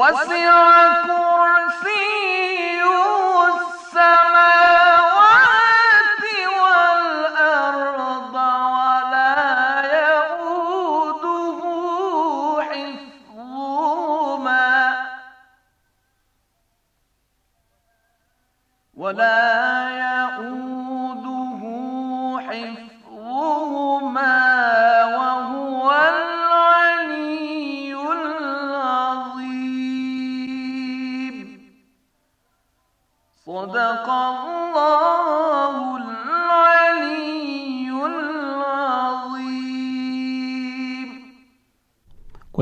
وسع كرسيه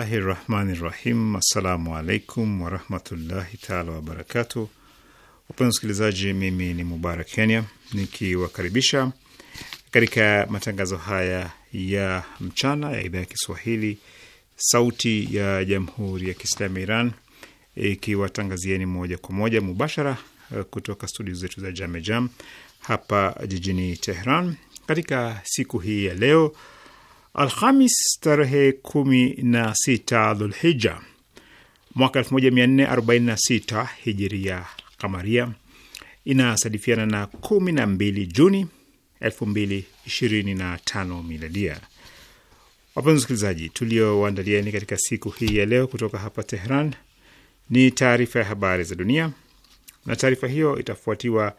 Bismillahi rahmani rahim. Assalamu alaikum warahmatullahi taala wabarakatu. Wapenzi msikilizaji mimi ni Mubarak Kenya nikiwakaribisha katika matangazo haya ya mchana ya idhaa ya Kiswahili sauti ya jamhuri ya Kiislamu ya Iran ikiwatangazieni moja kwa moja mubashara eh, kutoka studio zetu za Jamejam hapa jijini Tehran katika siku hii ya leo Alhamis tarehe 16 na Dhulhija mwaka 1446 hijiria kamaria inasadifiana na 12 Juni 2025 miladia. Wapenzi wasikilizaji, tuliowaandaliani katika siku hii ya leo kutoka hapa Tehran ni taarifa ya habari za dunia, na taarifa hiyo itafuatiwa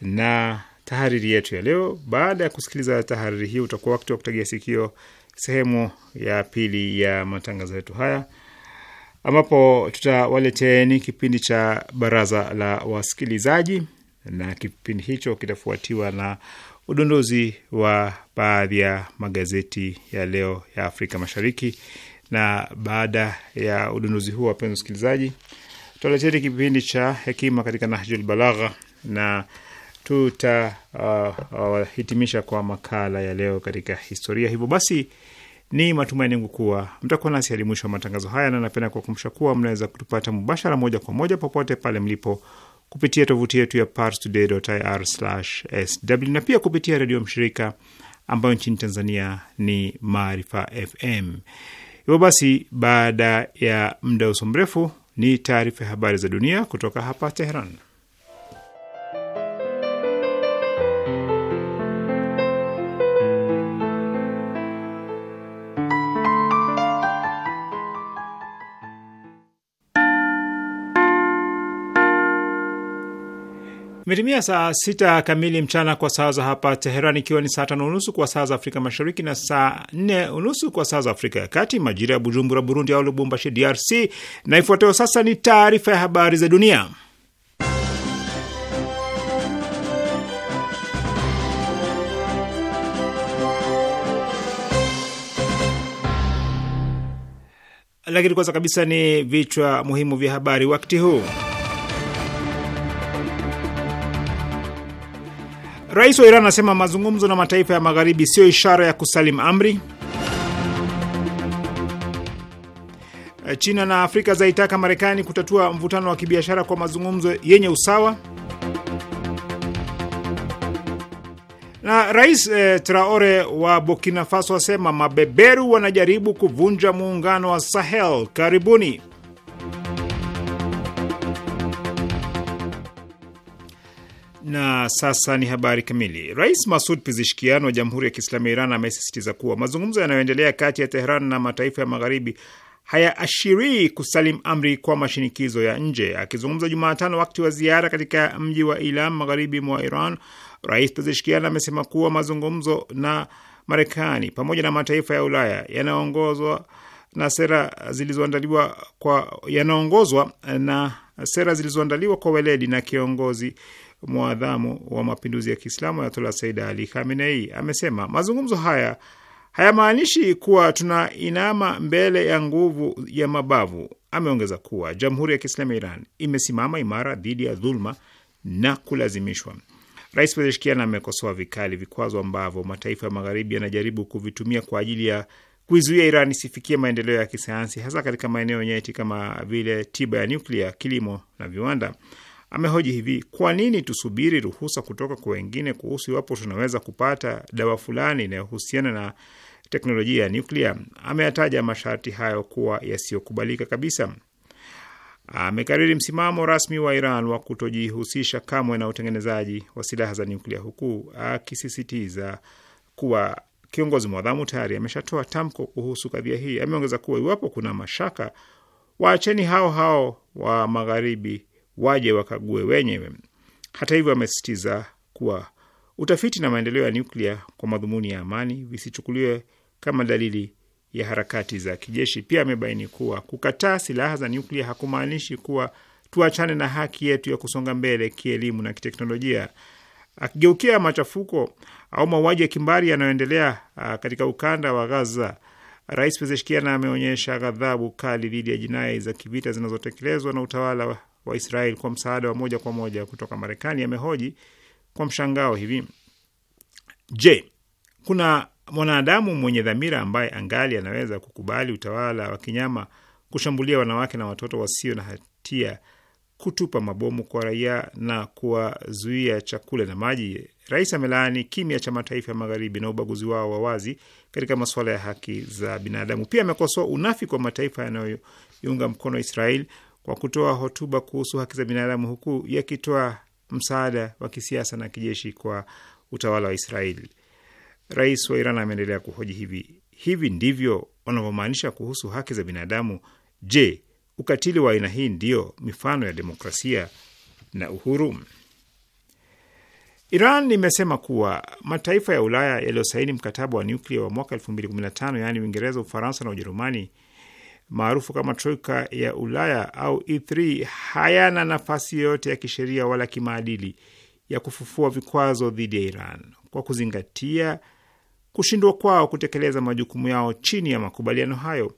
na tahariri yetu ya leo. Baada ya kusikiliza tahariri hii, utakuwa wakati wa kutegea sikio sehemu ya pili ya matangazo yetu haya ambapo tutawaleteni kipindi cha baraza la wasikilizaji, na kipindi hicho kitafuatiwa na udondozi wa baadhi ya magazeti ya leo ya Afrika Mashariki. Na baada ya udondozi huo, wapenzi wasikilizaji, tutawaleteni kipindi cha hekima katika Nahjul Balagha na tutahitimisha uh, uh, kwa makala ya leo katika historia. Hivyo basi ni matumaini yangu kuwa mtakuwa nasi hadi mwisho wa matangazo haya, na napenda kuwakumbusha kuwa mnaweza kutupata mubashara, moja kwa moja, popote pale mlipo kupitia tovuti yetu ya parstoday.ir/sw na pia kupitia redio mshirika ambayo nchini Tanzania ni Maarifa FM. Hivyo basi, baada ya muda uso mrefu ni taarifa ya habari za dunia kutoka hapa Teheran. Imetimia saa sita kamili mchana kwa saa za hapa Teheran, ikiwa ni saa tano unusu kwa saa za Afrika Mashariki na saa nne unusu kwa saa za Afrika ya Kati, majira ya Bujumbura, Burundi au Lubumbashi, DRC. Na ifuatayo sasa ni taarifa ya habari za dunia, lakini kwanza kabisa ni vichwa muhimu vya habari wakati huu. Rais wa Iran anasema mazungumzo na mataifa ya magharibi siyo ishara ya kusalim amri. China na Afrika zaitaka Marekani kutatua mvutano wa kibiashara kwa mazungumzo yenye usawa. Na Rais eh, Traore wa Burkina Faso asema mabeberu wanajaribu kuvunja muungano wa Sahel. Karibuni. Na sasa ni habari kamili. Rais Masud Pizishkian wa Jamhuri ya Kiislamu ya Iran amesisitiza kuwa mazungumzo yanayoendelea kati ya Tehran na mataifa ya magharibi hayaashirii kusalim amri kwa mashinikizo ya nje. Akizungumza Jumatano wakati wa ziara katika mji wa Ilam, magharibi mwa Iran, Rais Pezeshkian amesema kuwa mazungumzo na Marekani pamoja na mataifa ya Ulaya yanaongozwa na sera zilizoandaliwa kwa yanaongozwa na sera zilizoandaliwa kwa weledi na kiongozi mwadhamu wa mapinduzi ya Kiislamu Ayatola Said Ali Khamenei amesema mazungumzo haya hayamaanishi kuwa tuna inama mbele ya nguvu ya mabavu. Ameongeza kuwa Jamhuri ya Kiislamu ya Iran imesimama imara dhidi ya dhuluma na kulazimishwa. Rais Pezeshkian amekosoa vikali vikwazo ambavyo mataifa ya Magharibi yanajaribu kuvitumia kwa ajili ya kuizuia Iran isifikie maendeleo ya kisayansi, hasa katika maeneo nyeti kama vile tiba ya nyuklia, kilimo na viwanda amehoji hivi: kwa nini tusubiri ruhusa kutoka kwa wengine kuhusu iwapo tunaweza kupata dawa fulani inayohusiana na teknolojia ya nyuklia? Ameyataja masharti hayo kuwa yasiyokubalika kabisa. Amekariri msimamo rasmi wa Iran wa kutojihusisha kamwe na utengenezaji wa silaha za nyuklia, huku akisisitiza kuwa kiongozi mwadhamu tayari ameshatoa tamko kuhusu kadhia hii. Ameongeza kuwa iwapo kuna mashaka, waacheni hao hao wa magharibi waje wakague wenyewe. Hata hivyo, amesisitiza kuwa utafiti na maendeleo ya nyuklia kwa madhumuni ya amani visichukuliwe kama dalili ya harakati za kijeshi. Pia amebaini kuwa kukataa silaha za nyuklia hakumaanishi kuwa tuachane na haki yetu ya kusonga mbele kielimu na kiteknolojia. Akigeukia machafuko au mauaji ya kimbari yanayoendelea ah, katika ukanda wa Gaza, Rais Pezeshkian ameonyesha ghadhabu kali dhidi ya jinai za kivita zinazotekelezwa na utawala wa Israel kwa msaada wa moja kwa moja kutoka Marekani amehoji kwa mshangao hivi: Je, kuna mwanadamu mwenye dhamira ambaye angali anaweza kukubali utawala wa kinyama kushambulia wanawake na watoto wasio na hatia, kutupa mabomu kwa raia na kuwazuia chakula na maji? Rais amelaani kimya cha mataifa ya Magharibi na ubaguzi wao wa wazi katika masuala ya haki za binadamu. Pia amekosoa unafiki wa mataifa yanayoiunga mkono Israeli kwa kutoa hotuba kuhusu haki za binadamu huku yakitoa msaada wa kisiasa na kijeshi kwa utawala wa Israeli. Rais wa Iran ameendelea kuhoji hivi hivi ndivyo wanavyomaanisha kuhusu haki za binadamu? Je, ukatili wa aina hii ndiyo mifano ya demokrasia na uhuru? Iran imesema kuwa mataifa ya Ulaya yaliyosaini mkataba wa nuklia wa mwaka 2015 yaani Uingereza, Ufaransa na Ujerumani maarufu kama Troika ya Ulaya au E3 hayana nafasi yoyote ya kisheria wala kimaadili ya kufufua vikwazo dhidi ya Iran kwa kuzingatia kushindwa kwao kutekeleza majukumu yao chini ya makubaliano hayo.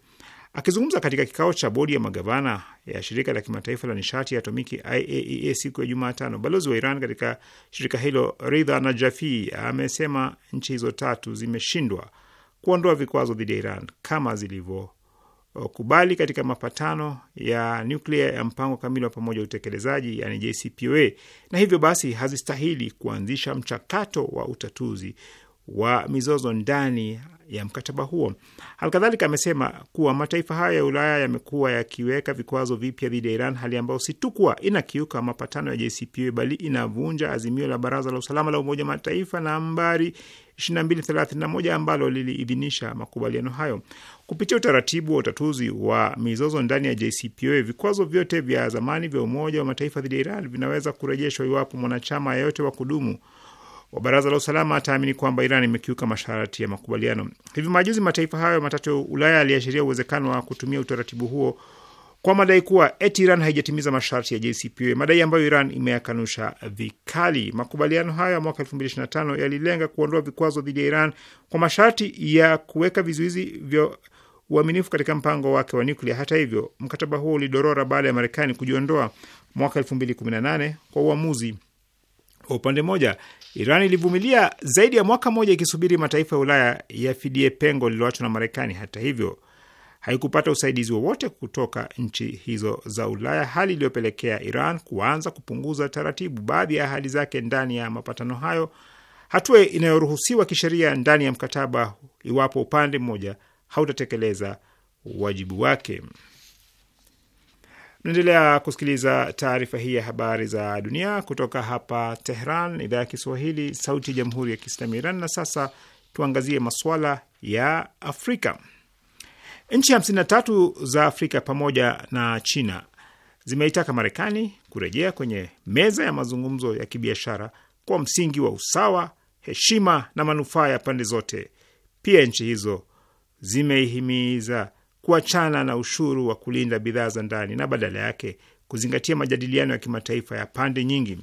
Akizungumza katika kikao cha bodi ya magavana ya shirika la kimataifa la nishati ya atomiki IAEA e siku ya Jumatano, balozi wa Iran katika shirika hilo Ridha Najafi amesema nchi hizo tatu zimeshindwa kuondoa vikwazo dhidi ya Iran kama zilivyo kubali katika mapatano ya nuklia ya mpango kamili wa pamoja utekelezaji, yani JCPOA, na hivyo basi hazistahili kuanzisha mchakato wa utatuzi wa mizozo ndani ya mkataba huo. Halikadhalika amesema kuwa mataifa hayo ya Ulaya yamekuwa yakiweka vikwazo vipya dhidi ya Iran, hali ambayo si tu kuwa inakiuka mapatano ya JCPOA bali inavunja azimio la Baraza la Usalama la Umoja wa Mataifa nambari 2231 ambalo liliidhinisha makubaliano hayo. Kupitia utaratibu wa utatuzi wa mizozo ndani ya JCPOA, vikwazo vyote vya zamani vya Umoja wa Mataifa dhidi ya Iran vinaweza kurejeshwa iwapo mwanachama yeyote wa kudumu wa Baraza la Usalama ataamini kwamba Iran imekiuka masharti ya makubaliano. Hivi majuzi mataifa hayo matatu ya Ulaya yaliashiria uwezekano wa kutumia utaratibu huo kwa madai kuwa eti Iran haijatimiza masharti ya JCPOA, madai ambayo Iran imeyakanusha vikali. Makubaliano hayo ya mwaka 2025 yalilenga kuondoa vikwazo dhidi ya Iran kwa masharti ya kuweka vizuizi vya uaminifu katika mpango wake wa nyuklia. Hata hivyo, mkataba huo ulidorora baada ya Marekani kujiondoa mwaka 2018 kwa uamuzi wa upande mmoja. Iran ilivumilia zaidi ya mwaka mmoja ikisubiri mataifa ya Ulaya yafidie pengo lililoachwa na Marekani. Hata hivyo haikupata usaidizi wowote kutoka nchi hizo za Ulaya, hali iliyopelekea Iran kuanza kupunguza taratibu baadhi ya ahadi zake ndani ya mapatano hayo, hatua inayoruhusiwa kisheria ndani ya mkataba iwapo upande mmoja hautatekeleza wajibu wake. Naendelea kusikiliza taarifa hii ya habari za dunia kutoka hapa Tehran, idhaa ya Kiswahili, sauti ya jamhuri ya kiislamu ya Iran. Na sasa tuangazie masuala ya Afrika. Nchi tatu za Afrika pamoja na China zimeitaka Marekani kurejea kwenye meza ya mazungumzo ya kibiashara kwa msingi wa usawa, heshima na manufaa ya pande zote. Pia nchi hizo zimeihimiza kuachana na ushuru wa kulinda bidhaa za ndani na badala yake kuzingatia majadiliano ya kimataifa ya pande nyingi.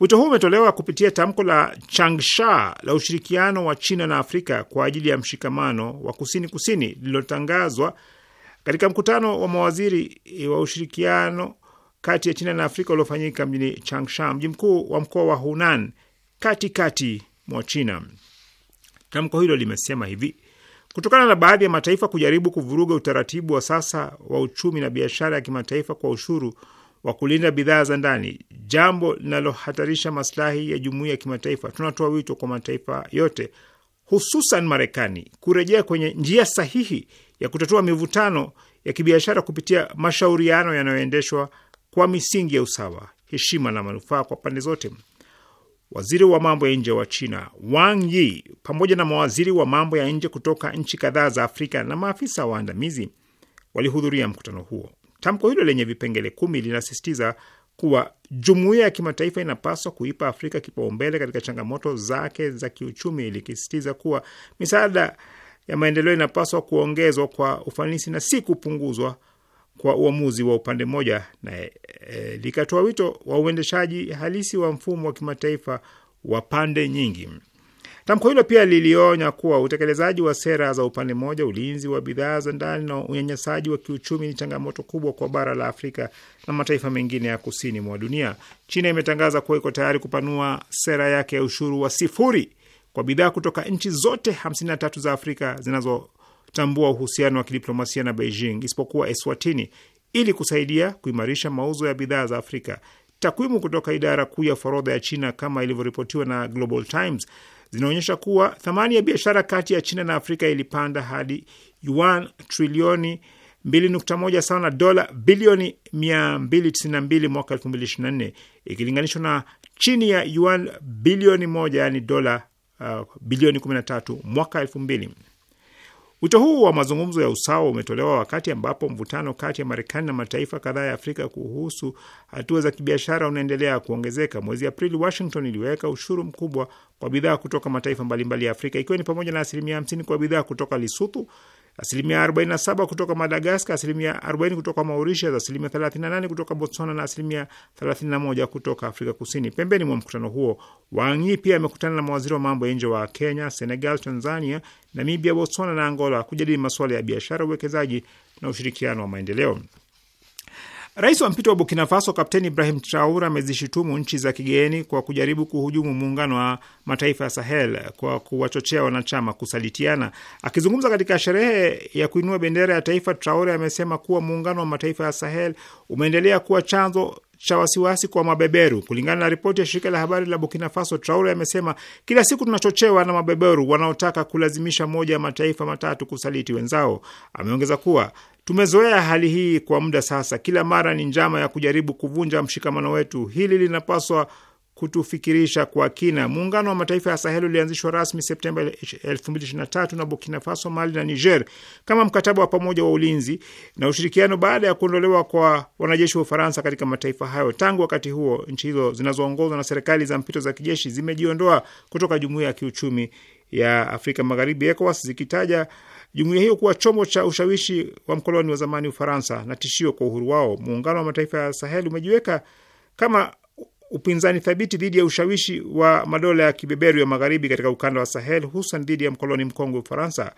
Wito huu umetolewa kupitia tamko la Changsha la ushirikiano wa China na Afrika kwa ajili ya mshikamano wa kusini kusini lililotangazwa katika mkutano wa mawaziri wa ushirikiano kati ya China na Afrika uliofanyika mjini Changsha, mji mkuu wa mkoa wa Hunan katikati mwa China. Tamko hilo limesema hivi: kutokana na baadhi ya mataifa kujaribu kuvuruga utaratibu wa sasa wa uchumi na biashara ya kimataifa kwa ushuru wa kulinda bidhaa za ndani, jambo linalohatarisha maslahi ya jumuiya ya kimataifa. Tunatoa wito kwa mataifa yote, hususan Marekani, kurejea kwenye njia sahihi ya kutatua mivutano ya kibiashara kupitia mashauriano yanayoendeshwa kwa misingi ya usawa, heshima na manufaa kwa pande zote. Waziri wa mambo ya nje wa China Wang Yi pamoja na mawaziri wa mambo ya nje kutoka nchi kadhaa za Afrika na maafisa waandamizi walihudhuria mkutano huo. Tamko hilo lenye vipengele kumi linasisitiza kuwa jumuiya ya kimataifa inapaswa kuipa Afrika kipaumbele katika changamoto zake za kiuchumi, likisisitiza kuwa misaada ya maendeleo inapaswa kuongezwa kwa ufanisi na si kupunguzwa kwa uamuzi wa upande mmoja, na e, e, likatoa wito wa uendeshaji halisi wa mfumo wa kimataifa wa pande nyingi. Tamko hilo pia lilionya kuwa utekelezaji wa sera za upande mmoja, ulinzi wa bidhaa za ndani na unyanyasaji wa kiuchumi ni changamoto kubwa kwa bara la Afrika na mataifa mengine ya kusini mwa dunia. China imetangaza kuwa iko tayari kupanua sera yake ya ushuru wa sifuri kwa bidhaa kutoka nchi zote 53 za Afrika zinazotambua uhusiano wa kidiplomasia na Beijing isipokuwa Eswatini ili kusaidia kuimarisha mauzo ya bidhaa za Afrika. Takwimu kutoka idara kuu ya forodha ya China kama ilivyoripotiwa na Global Times zinaonyesha kuwa thamani ya biashara kati ya China na Afrika ilipanda hadi yuan trilioni 2.1 sawa na dola bilioni 292 mwaka 2024 ikilinganishwa na chini ya yuan bilioni moja yani dola uh, bilioni 13 mwaka 2000. Wito huu wa mazungumzo ya usawa umetolewa wakati ambapo mvutano kati ya Marekani na mataifa kadhaa ya Afrika kuhusu hatua za kibiashara unaendelea kuongezeka. Mwezi Aprili, Washington iliweka ushuru mkubwa kwa bidhaa kutoka mataifa mbalimbali ya Afrika, ikiwa ni pamoja na asilimia 50 kwa bidhaa kutoka Lesotho asilimia 47 kutoka Madagaskar, asilimia 40 kutoka Mauritius, asilimia 38 kutoka Botswana na asilimia 31 kutoka Afrika Kusini. Pembeni mwa mkutano huo, Wang'i pia amekutana na mawaziri wa mambo ya nje wa Kenya, Senegal, Tanzania, Namibia, Botswana na Angola kujadili masuala ya biashara, uwekezaji na ushirikiano wa maendeleo. Rais wa mpito wa Burkina Faso Kapteni Ibrahim Traore amezishutumu nchi za kigeni kwa kujaribu kuhujumu muungano wa mataifa ya Sahel kwa kuwachochea wanachama kusalitiana. Akizungumza katika sherehe ya kuinua bendera ya taifa, Traore amesema kuwa muungano wa mataifa ya Sahel umeendelea kuwa chanzo cha wasiwasi kwa mabeberu. Kulingana na ripoti ya shirika la habari la Burkina Faso, Traore amesema kila siku tunachochewa na mabeberu wanaotaka kulazimisha moja ya mataifa matatu kusaliti wenzao. Ameongeza kuwa Tumezoea hali hii kwa muda sasa, kila mara ni njama ya kujaribu kuvunja mshikamano wetu. Hili linapaswa kutufikirisha kwa kina. Muungano wa mataifa ya Sahel ulianzishwa rasmi Septemba 2023 na Burkina Faso, Mali na Niger kama mkataba wa pamoja wa ulinzi na ushirikiano baada ya kuondolewa kwa wanajeshi wa Ufaransa katika mataifa hayo. Tangu wakati huo, nchi hizo zinazoongozwa na serikali za mpito za kijeshi zimejiondoa kutoka Jumuiya ya Kiuchumi ya Afrika Magharibi, ECOWAS, zikitaja jumuiya hiyo kuwa chombo cha ushawishi wa mkoloni wa zamani Ufaransa na tishio kwa uhuru wao. Muungano wa mataifa ya Sahel umejiweka kama upinzani thabiti dhidi ya ushawishi wa madola ya kibeberu ya magharibi katika ukanda wa Sahel, hususan dhidi ya mkoloni mkongwe Ufaransa.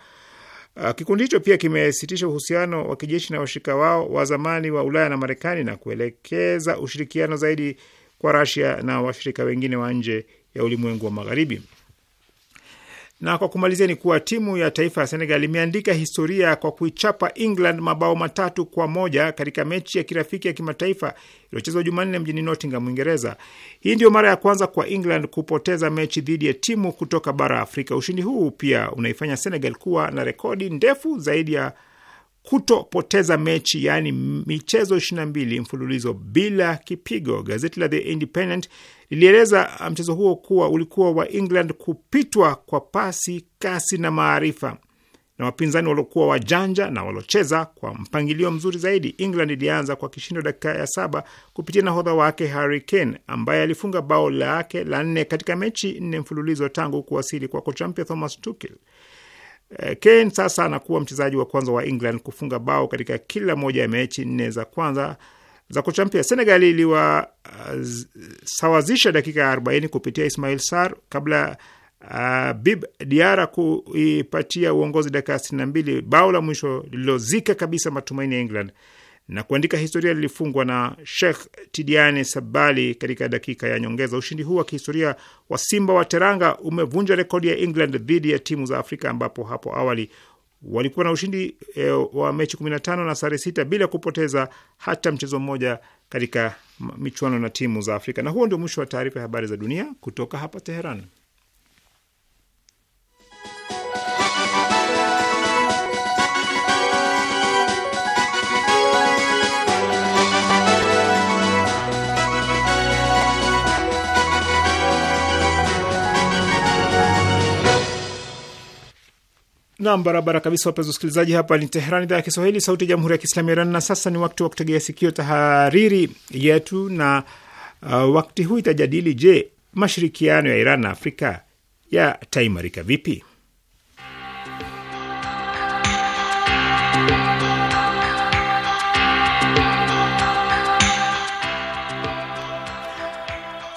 Uh, kikundi hicho pia kimesitisha uhusiano wa kijeshi na washirika wao wa zamani wa Ulaya na Marekani na kuelekeza ushirikiano zaidi kwa Rasia na washirika wengine wa nje ya ulimwengu wa magharibi. Na kwa kumalizia ni kuwa timu ya taifa ya Senegal imeandika historia kwa kuichapa England mabao matatu kwa moja katika mechi ya kirafiki ya kimataifa iliyochezwa Jumanne mjini Nottingham, Uingereza. Hii ndiyo mara ya kwanza kwa England kupoteza mechi dhidi ya timu kutoka bara Afrika. Ushindi huu pia unaifanya Senegal kuwa na rekodi ndefu zaidi ya kutopoteza mechi yaani michezo 22 mfululizo bila kipigo. Gazeti la The Independent lilieleza ah, mchezo huo kuwa ulikuwa wa England kupitwa kwa pasi, kasi na maarifa na wapinzani waliokuwa wajanja na waliocheza kwa mpangilio mzuri zaidi. England ilianza kwa kishindo dakika ya saba kupitia nahodha wake Harry Kane ambaye alifunga bao lake la nne katika mechi nne mfululizo tangu kuwasili kwa kocha mpya Thomas Tuchel. Eh, Kane sasa anakuwa mchezaji wa kwanza wa England kufunga bao katika kila moja ya mechi nne za kwanza za kuchampia. Senegal iliwasawazisha uh, dakika ya 40 kupitia Ismail Sar kabla uh, Bib Diara kuipatia uongozi dakika ya 62. Bao la mwisho lililozika kabisa matumaini ya England na kuandika historia lilifungwa na Sheikh Tidiane Sabali katika dakika ya nyongeza. Ushindi huu wa kihistoria wa Simba wa Teranga umevunja rekodi ya England dhidi ya timu za Afrika ambapo hapo awali walikuwa na ushindi e, wa mechi 15 na sare sita bila kupoteza hata mchezo mmoja katika michuano na timu za Afrika. Na huo ndio mwisho wa taarifa ya habari za dunia kutoka hapa Teheran. Nam, barabara kabisa, wapenzi wasikilizaji, hapa ni Teheran, idhaa ya Kiswahili, sauti ya jamhuri ya kiislamu ya Iran. Na sasa ni wakati wa kutegea sikio tahariri yetu, na uh, wakati huu itajadili: je, mashirikiano ya Iran na Afrika yataimarika vipi?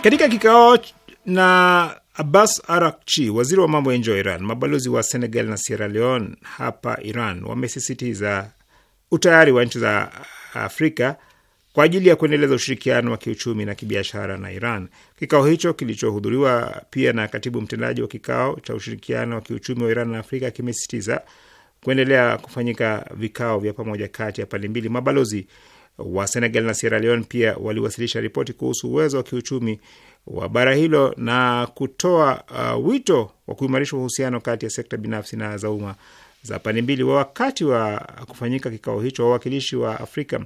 Katika kikao na Abbas Arakchi, waziri wa mambo ya nje wa Iran, mabalozi wa Senegal na Sierra Leone hapa Iran wamesisitiza utayari wa nchi za Afrika kwa ajili ya kuendeleza ushirikiano wa kiuchumi na kibiashara na Iran. Kikao hicho kilichohudhuriwa pia na katibu mtendaji wa kikao cha ushirikiano wa kiuchumi wa Iran na Afrika kimesisitiza kuendelea kufanyika vikao vya pamoja kati ya pande mbili. Mabalozi wa Senegal na Sierra Leone pia waliwasilisha ripoti kuhusu uwezo wa kiuchumi wa bara hilo na kutoa uh, wito wa kuimarisha uhusiano kati ya sekta binafsi na za umma za pande mbili. Wakati wa kufanyika kikao hicho, wawakilishi wa Afrika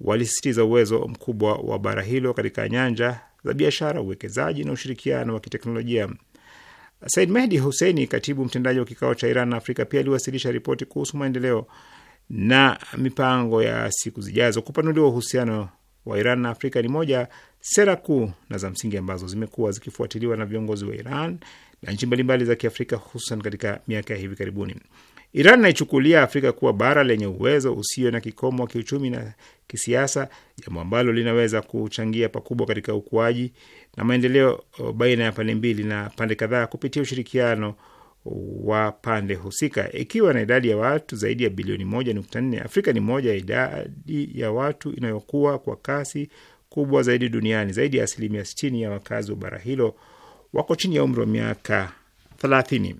walisisitiza uwezo mkubwa wa bara hilo katika nyanja za biashara, uwekezaji na ushirikiano wa kiteknolojia. Said Mehdi Husseini, katibu mtendaji wa kikao cha Iran na Afrika, pia aliwasilisha ripoti kuhusu maendeleo na mipango ya siku zijazo. Kupanuliwa uhusiano wa Iran na Afrika ni moja sera kuu na za msingi ambazo zimekuwa zikifuatiliwa na viongozi wa Iran na nchi mbalimbali za Kiafrika, hususan katika miaka ya hivi karibuni. Iran inaichukulia Afrika kuwa bara lenye uwezo usio na kikomo wa kiuchumi na kisiasa, jambo ambalo linaweza kuchangia pakubwa katika ukuaji na maendeleo uh, baina ya pande mbili na pande kadhaa kupitia ushirikiano wa pande husika. Ikiwa na idadi ya watu zaidi ya bilioni moja nukta nne, Afrika ni moja ya idadi ya watu inayokuwa kwa kasi kubwa zaidi duniani. Zaidi ya asilimia 60 ya wakazi wa bara hilo wako chini ya umri wa miaka 30.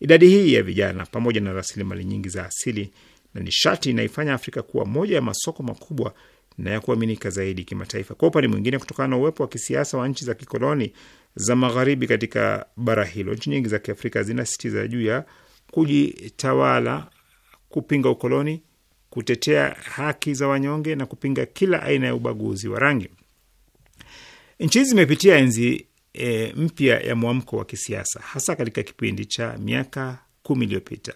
Idadi hii ya vijana pamoja na rasilimali nyingi za asili na nishati inaifanya Afrika kuwa moja ya masoko makubwa na ya kuaminika zaidi kimataifa. Kwa upande mwingine, kutokana na uwepo wa kisiasa wa nchi za kikoloni za magharibi katika bara hilo, nchi nyingi za Kiafrika zinasisitiza juu ya kujitawala, kupinga ukoloni kutetea haki za wanyonge na kupinga kila aina ya ubaguzi wa rangi. Nchi hizi zimepitia enzi e, mpya ya mwamko wa kisiasa, hasa katika kipindi cha miaka kumi iliyopita.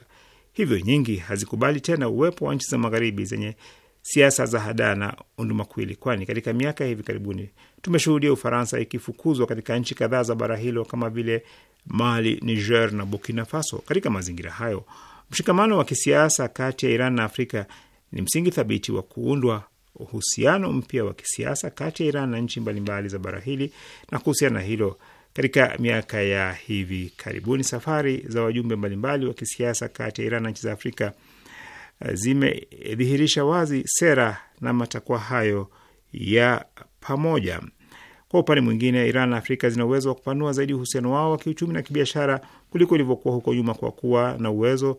Hivyo nyingi hazikubali tena uwepo wa nchi za magharibi zenye siasa za hadaa na undumakuwili, kwani katika miaka hivi karibuni tumeshuhudia Ufaransa ikifukuzwa katika nchi kadhaa za bara hilo kama vile Mali, Niger na Burkina Faso. Katika mazingira hayo, mshikamano wa kisiasa kati ya Iran na Afrika ni msingi thabiti wa kuundwa uhusiano mpya wa kisiasa kati ya Iran na nchi mbalimbali za bara hili. Na kuhusiana na hilo, katika miaka ya hivi karibuni, safari za wajumbe mbalimbali wa kisiasa kati ya Iran na nchi za Afrika eh, zimedhihirisha wazi sera na matakwa hayo ya pamoja. Kwa upande mwingine, Iran na Afrika zina uwezo wa kupanua zaidi uhusiano wao wa kiuchumi na kibiashara kuliko ilivyokuwa huko nyuma, kwa kuwa na uwezo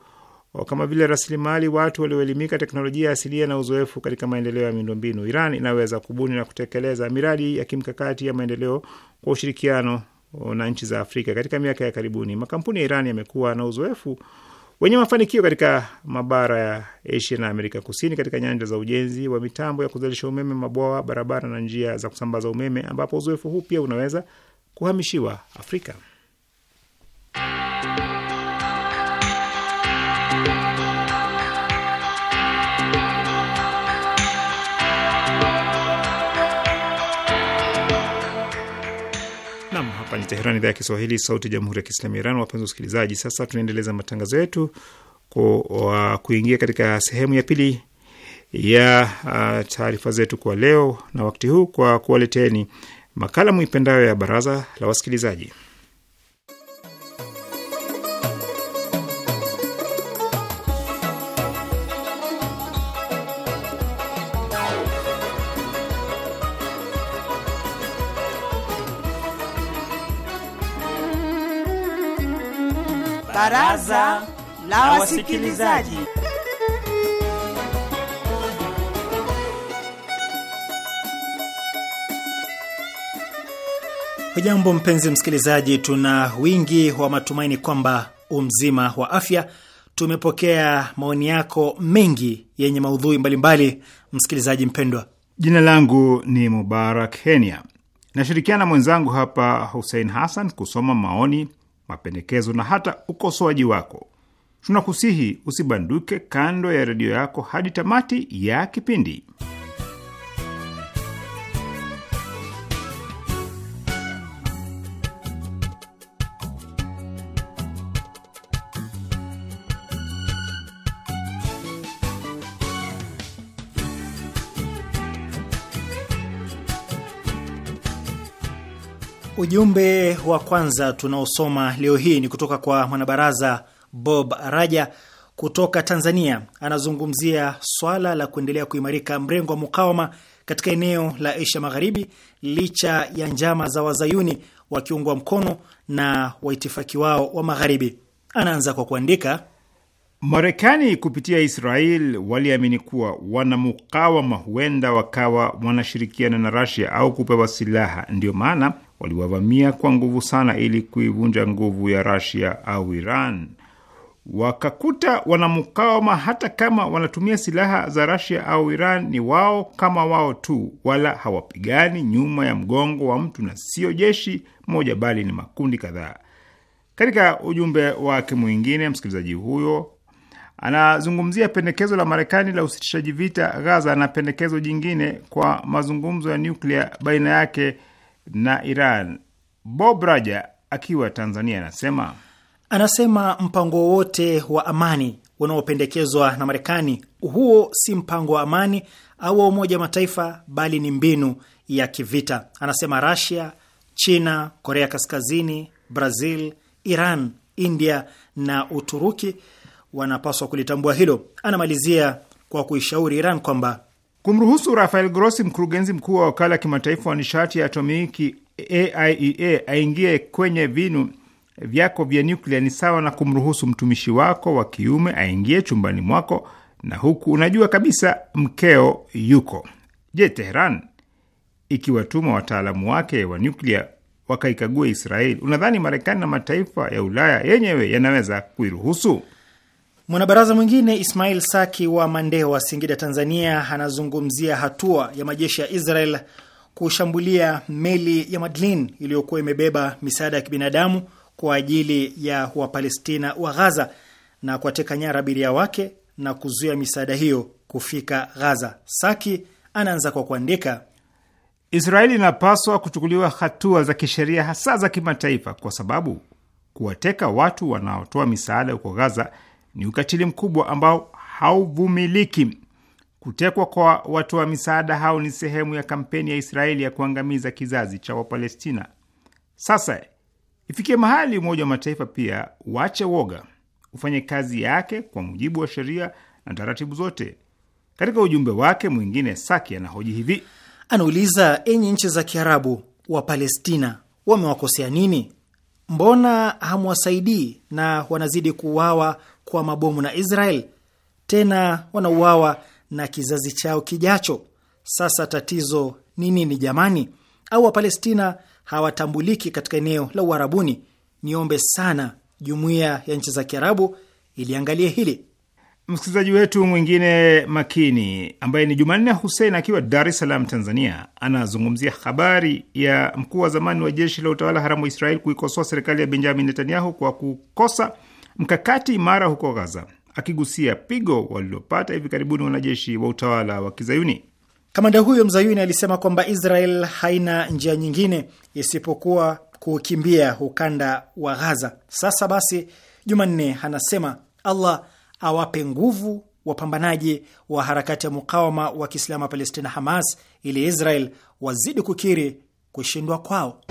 kama vile rasilimali watu walioelimika, teknolojia asilia na uzoefu katika maendeleo ya miundombinu. Iran inaweza kubuni na kutekeleza miradi ya kimkakati ya maendeleo kwa ushirikiano na nchi za Afrika. Katika miaka ya karibuni, makampuni ya Iran yamekuwa na uzoefu wenye mafanikio katika mabara ya Asia na Amerika Kusini katika nyanja za ujenzi wa mitambo ya kuzalisha umeme, mabwawa, barabara na njia za kusambaza umeme, ambapo uzoefu huu pia unaweza kuhamishiwa Afrika. Hapa ni Teheran, idhaa ya Kiswahili, sauti ya jamhuri ya kiislamu Iran. Wapenzi wasikilizaji, sasa tunaendeleza matangazo yetu kwa kuingia katika sehemu ya pili ya taarifa zetu kwa leo, na wakati huu kwa kuwaleteni makala muipendayo ya baraza la wasikilizaji. Baraza la Wasikilizaji. Hujambo mpenzi msikilizaji, tuna wingi wa matumaini kwamba umzima wa afya. Tumepokea maoni yako mengi yenye maudhui mbalimbali mbali. Msikilizaji mpendwa, jina langu ni Mubarak Henia, nashirikiana mwenzangu hapa Hussein Hassan kusoma maoni mapendekezo na hata ukosoaji wako. Tunakusihi usibanduke kando ya redio yako hadi tamati ya kipindi. Ujumbe wa kwanza tunaosoma leo hii ni kutoka kwa mwanabaraza Bob Raja kutoka Tanzania. Anazungumzia swala la kuendelea kuimarika mrengo wa mukawama katika eneo la Asia Magharibi licha ya njama za wazayuni wakiungwa mkono na waitifaki wao wa Magharibi. Anaanza kwa kuandika, Marekani kupitia Israel waliamini kuwa wanamukawama huenda wakawa wanashirikiana na Rasia au kupewa silaha, ndio maana waliwavamia kwa nguvu sana ili kuivunja nguvu ya Rasia au Iran. Wakakuta wanamukawama hata kama wanatumia silaha za Rasia au Iran, ni wao kama wao tu, wala hawapigani nyuma ya mgongo wa mtu na sio jeshi moja, bali ni makundi kadhaa. Katika ujumbe wake mwingine, msikilizaji huyo anazungumzia pendekezo la Marekani la usitishaji vita Gaza na pendekezo jingine kwa mazungumzo ya nyuklia baina yake na Iran. Bob Raja akiwa Tanzania anasema anasema mpango wowote wa amani unaopendekezwa na Marekani, huo si mpango wa amani au wa Umoja wa Mataifa, bali ni mbinu ya kivita. Anasema Rasia, China, Korea Kaskazini, Brazil, Iran, India na Uturuki wanapaswa kulitambua hilo. Anamalizia kwa kuishauri Iran kwamba Kumruhusu Rafael Grossi, mkurugenzi mkuu wa wakala ya kimataifa wa nishati ya atomiki AIEA, e, aingie kwenye vinu vyako vya nyuklia ni sawa na kumruhusu mtumishi wako wa kiume aingie chumbani mwako na huku unajua kabisa mkeo yuko. Je, Teheran ikiwatuma wataalamu wake wa nyuklia wakaikagua Israeli, unadhani Marekani na mataifa ya Ulaya yenyewe yanaweza kuiruhusu? Mwanabaraza mwingine Ismail Saki wa wa Singida, Tanzania, anazungumzia hatua ya majeshi ya Israel kushambulia meli ya Madlin iliyokuwa imebeba misaada ya kibinadamu kwa ajili ya Wapalestina wa Ghaza na kuwateka nyara abiria wake na kuzuia misaada hiyo kufika Ghaza. Saki anaanza kwa kuandika, Israeli inapaswa kuchukuliwa hatua za kisheria, hasa za kimataifa, kwa sababu kuwateka watu wanaotoa misaada huko Ghaza ni ukatili mkubwa ambao hauvumiliki. Kutekwa kwa watu wa misaada hao ni sehemu ya kampeni ya Israeli ya kuangamiza kizazi cha Wapalestina. Sasa ifikie mahali Umoja wa Mataifa pia wache woga, ufanye kazi yake kwa mujibu wa sheria na taratibu zote. Katika ujumbe wake mwingine, Saki anahoji hivi, anauliza: enyi nchi za Kiarabu, Wapalestina wamewakosea nini? Mbona hamwasaidii na wanazidi kuuawa kwa mabomu na Israel, tena wanauawa na kizazi chao kijacho. Sasa tatizo ni nini jamani? Au Wapalestina hawatambuliki katika eneo la Uarabuni? Niombe sana jumuiya ya nchi za Kiarabu iliangalie hili. Msikilizaji wetu mwingine makini ambaye ni Jumanne Husein akiwa Dar es Salaam, Tanzania, anazungumzia habari ya mkuu wa zamani wa jeshi la utawala haramu wa Israel kuikosoa serikali ya Benjamin Netanyahu kwa kukosa mkakati imara huko Gaza, akigusia pigo walilopata hivi karibuni wanajeshi wa utawala wa Kizayuni. Kamanda huyo mzayuni alisema kwamba Israel haina njia nyingine isipokuwa kuukimbia ukanda wa Gaza. Sasa basi, Jumanne anasema Allah awape nguvu wapambanaji wa harakati ya mukawama wa Kiislamu wa Palestina, Hamas, ili Israel wazidi kukiri kushindwa kwao.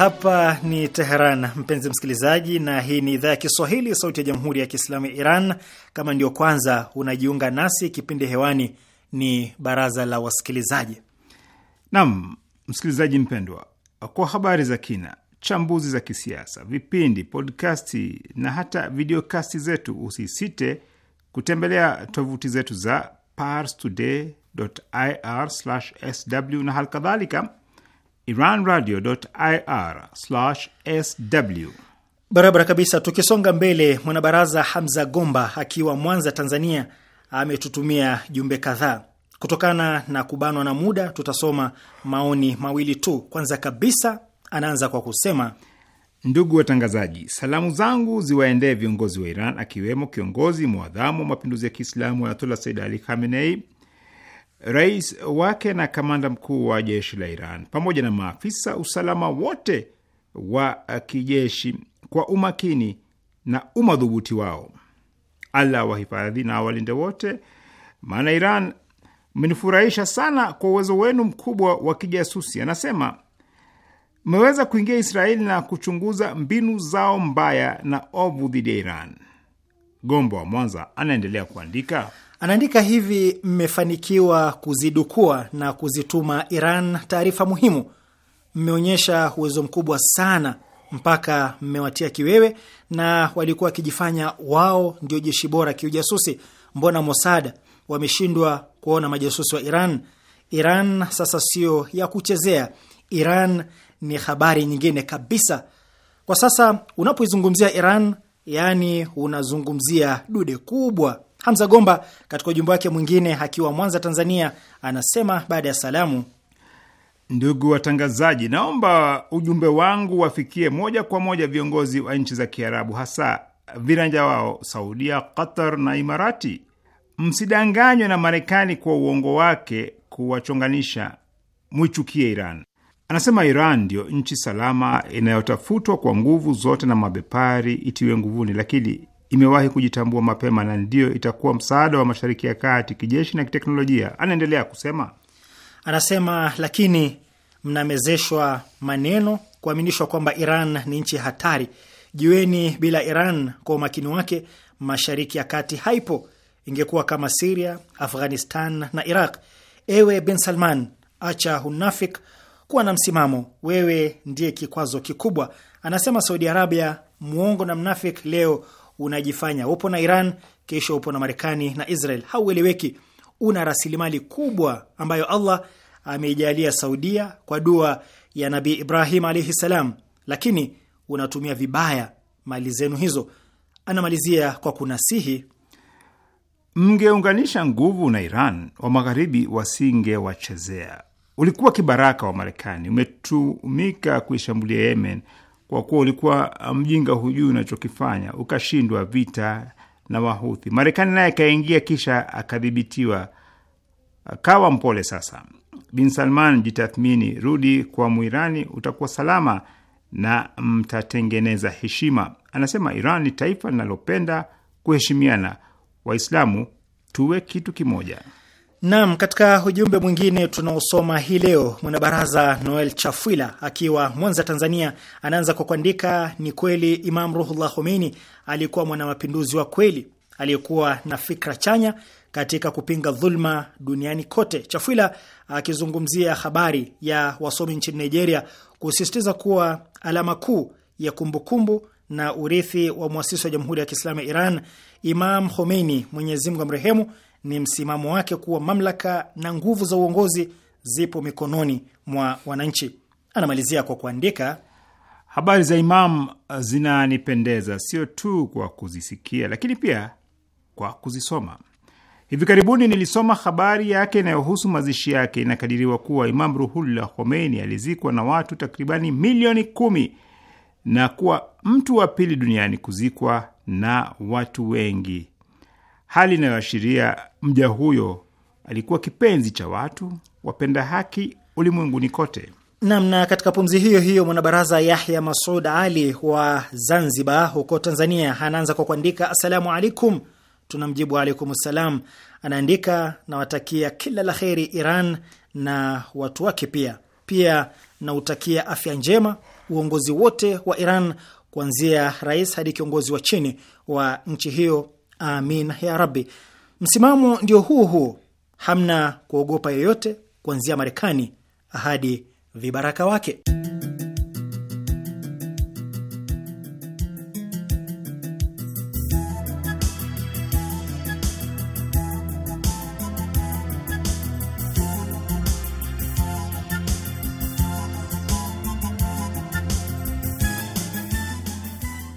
Hapa ni Teheran, mpenzi msikilizaji, na hii ni idhaa ya Kiswahili, sauti ya jamhuri ya kiislamu ya Iran. Kama ndio kwanza unajiunga nasi, kipindi hewani ni baraza la wasikilizaji. nam msikilizaji mpendwa, kwa habari za kina, chambuzi za kisiasa, vipindi, podkasti na hata videokasti zetu, usisite kutembelea tovuti zetu za parstoday.ir/sw na halikadhalika iranradio.ir/sw. Barabara kabisa. Tukisonga mbele, mwanabaraza Hamza Gomba akiwa Mwanza, Tanzania, ametutumia jumbe kadhaa. Kutokana na kubanwa na muda, tutasoma maoni mawili tu. Kwanza kabisa, anaanza kwa kusema Ndugu watangazaji, salamu zangu ziwaendee viongozi wa Iran akiwemo kiongozi mwadhamu wa mapinduzi ya Kiislamu Ayatola Said Ali Khamenei, rais wake na kamanda mkuu wa jeshi la Iran pamoja na maafisa usalama wote wa kijeshi kwa umakini na umadhubuti wao. Allah wahifadhi na walinde wote, maana Iran mmenifurahisha sana kwa uwezo wenu mkubwa wa kijasusi. Anasema mmeweza kuingia Israeli na kuchunguza mbinu zao mbaya na ovu dhidi ya Iran. Gombo wa Mwanza anaendelea kuandika Anaandika hivi: mmefanikiwa kuzidukua na kuzituma Iran taarifa muhimu. Mmeonyesha uwezo mkubwa sana mpaka mmewatia kiwewe, na walikuwa wakijifanya wao ndio jeshi bora kiujasusi. Mbona Mossad wameshindwa kuona majasusi wa Iran? Iran sasa sio ya kuchezea. Iran ni habari nyingine kabisa. Kwa sasa unapoizungumzia Iran, yaani unazungumzia dude kubwa. Hamza Gomba katika ujumbe wake mwingine akiwa Mwanza, Tanzania, anasema baada ya salamu, ndugu watangazaji, naomba ujumbe wangu wafikie moja kwa moja viongozi wa nchi za Kiarabu, hasa viranja wao Saudia, Qatar na Imarati. Msidanganywe na Marekani kwa uongo wake kuwachonganisha, mwichukie Iran. Anasema Iran ndiyo nchi salama inayotafutwa kwa nguvu zote na mabepari itiwe nguvuni, lakini imewahi kujitambua mapema na ndiyo itakuwa msaada wa Mashariki ya Kati kijeshi na kiteknolojia. Anaendelea kusema, anasema lakini mnamezeshwa maneno kuaminishwa kwamba Iran ni nchi hatari. Jiweni bila Iran kwa umakini wake, Mashariki ya Kati haipo. Ingekuwa kama Siria, Afghanistan na Iraq. Ewe Bin Salman, acha unafik, kuwa na msimamo. Wewe ndiye kikwazo kikubwa, anasema Saudi Arabia. Mwongo na mnafik leo unajifanya upo na Iran, kisha upo na Marekani na Israel. Haueleweki. Una rasilimali kubwa ambayo Allah ameijalia Saudia kwa dua ya Nabii Ibrahim alaihi salam, lakini unatumia vibaya mali zenu hizo. Anamalizia kwa kunasihi, mngeunganisha nguvu na Iran, wa magharibi wasingewachezea. Ulikuwa kibaraka wa Marekani, umetumika kuishambulia Yemen kwa kuwa ulikuwa uh, mjinga, hujui unachokifanya, ukashindwa vita na Wahuthi. Marekani naye akaingia, kisha akadhibitiwa. Kawa mpole sasa. Bin Salman, jitathmini, rudi kwa Mwirani, utakuwa salama na mtatengeneza heshima. Anasema Iran ni taifa linalopenda kuheshimiana. Waislamu tuwe kitu kimoja. Naam, katika ujumbe mwingine tunaosoma hii leo, mwanabaraza Noel Chafwila akiwa Mwanza, Tanzania, anaanza kwa kuandika: ni kweli Imam Ruhullah Khomeini alikuwa mwanamapinduzi wa kweli aliyekuwa na fikra chanya katika kupinga dhulma duniani kote. Chafwila akizungumzia habari ya wasomi nchini Nigeria kusisitiza kuwa alama kuu ya kumbukumbu kumbu na urithi wa mwasisi wa Jamhuri ya Kiislamu ya Iran Imam Khomeini, Mwenyezi Mungu amrehemu, ni msimamo wake kuwa mamlaka na nguvu za uongozi zipo mikononi mwa wananchi. Anamalizia kwa kuandika, habari za Imam zinanipendeza sio tu kwa kuzisikia, lakini pia kwa kuzisoma. Hivi karibuni nilisoma habari yake inayohusu mazishi yake. Inakadiriwa kuwa Imam Ruhullah Khomeini alizikwa na watu takribani milioni kumi na kuwa mtu wa pili duniani kuzikwa na watu wengi hali inayoashiria mja huyo alikuwa kipenzi cha watu wapenda haki ulimwenguni kote. Nam. Na katika pumzi hiyo hiyo mwanabaraza Yahya Masud Ali wa Zanzibar huko Tanzania anaanza kwa kuandika assalamu alaikum. Tunamjibu alaikum salam. Anaandika nawatakia kila la kheri Iran na watu wake, pia pia nautakia afya njema uongozi wote wa Iran kuanzia rais hadi kiongozi wa chini wa nchi hiyo Amin ya Rabbi. Msimamo ndio huu huu, hamna kuogopa yoyote, kuanzia Marekani hadi vibaraka wake.